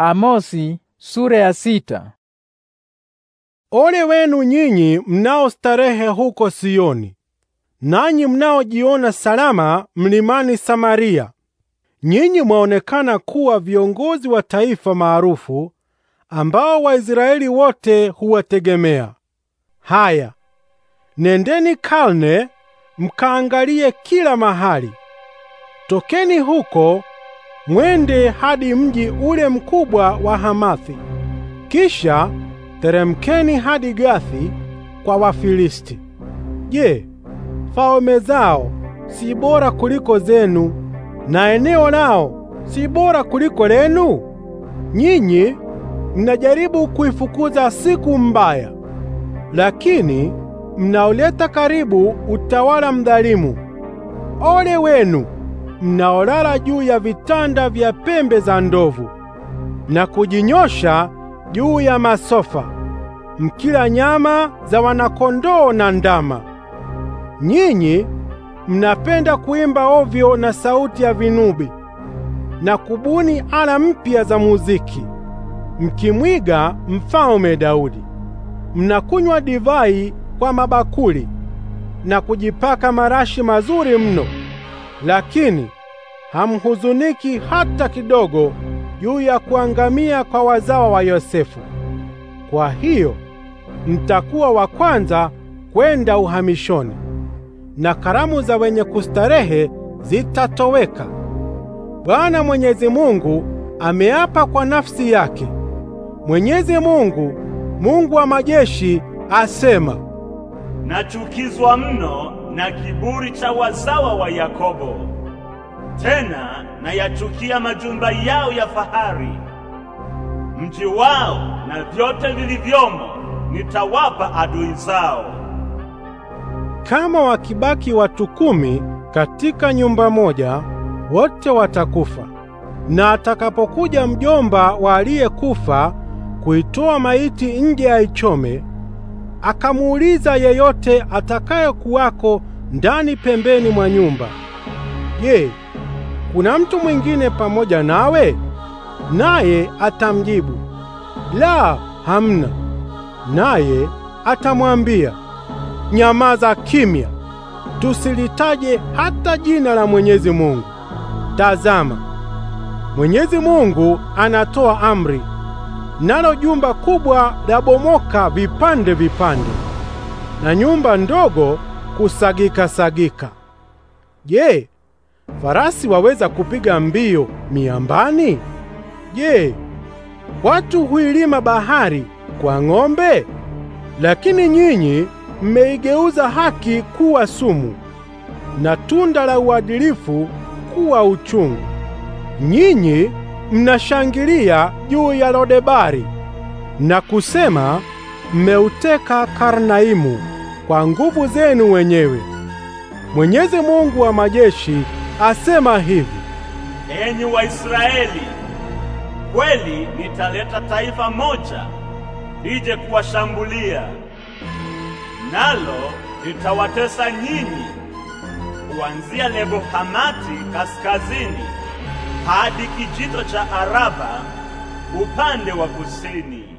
Amosi sura ya sita. Ole wenu nyinyi mnaostarehe huko Sioni, nanyi mnaojiona salama mlimani Samaria. Nyinyi mwaonekana kuwa viongozi wa taifa maarufu ambao Waisraeli wote huwategemea. Haya, nendeni Kalne mkaangalie kila mahali. Tokeni huko mwende hadi mji ule mkubwa wa Hamathi, kisha teremkeni hadi Gathi kwa Wafilisti. Je, falme zao si bora kuliko zenu na eneo lao si bora kuliko lenu? Nyinyi mnajaribu kuifukuza siku mbaya, lakini mnaoleta karibu utawala mdhalimu. Ole wenu! mnaolala juu ya vitanda vya pembe za ndovu na kujinyosha juu ya masofa, mkila nyama za wanakondoo na ndama. Nyinyi mnapenda kuimba ovyo na sauti ya vinubi na kubuni ala mpya za muziki, mkimwiga mfalme Daudi. Mnakunywa divai kwa mabakuli na kujipaka marashi mazuri mno lakini hamhuzuniki hata kidogo juu ya kuangamia kwa wazawa wa Yosefu. Kwa hiyo mtakuwa wa kwanza kwenda uhamishoni, na karamu za wenye kustarehe zitatoweka. Bwana Mwenyezi Mungu ameapa kwa nafsi yake. Mwenyezi Mungu, Mungu wa majeshi, asema, nachukizwa mno na kiburi cha wazawa wa Yakobo. Tena nayachukia majumba yao ya fahari, mji wao na vyote vilivyomo nitawapa adui zao. Kama wakibaki watu kumi katika nyumba moja, wote watakufa. Na atakapokuja mjomba wa aliyekufa kuitoa maiti nje aichome, akamuuliza yeyote atakayekuwako ndani pembeni mwa nyumba. Je, kuna mtu mwingine pamoja nawe? Naye atamjibu, la, hamna. Naye atamwambia, nyamaza kimya, tusilitaje hata jina la Mwenyezi Mungu. Tazama, Mwenyezi Mungu anatoa amri, nalo jumba kubwa labomoka vipande vipande, na nyumba ndogo kusagika-sagika. Je, farasi waweza kupiga mbio miambani? Je, watu huilima bahari kwa ng'ombe? Lakini nyinyi mmeigeuza haki kuwa sumu na tunda la uadilifu kuwa uchungu. Nyinyi mnashangilia juu ya Lodebari na kusema mmeuteka Karnaimu kwa nguvu zenu wenyewe. Mwenyezi Mungu wa majeshi asema hivi: Enyi Waisraeli, kweli nitaleta taifa moja lije kuwashambulia, nalo litawatesa nyinyi kuanzia Lebo Hamati kaskazini hadi kijito cha Araba upande wa kusini.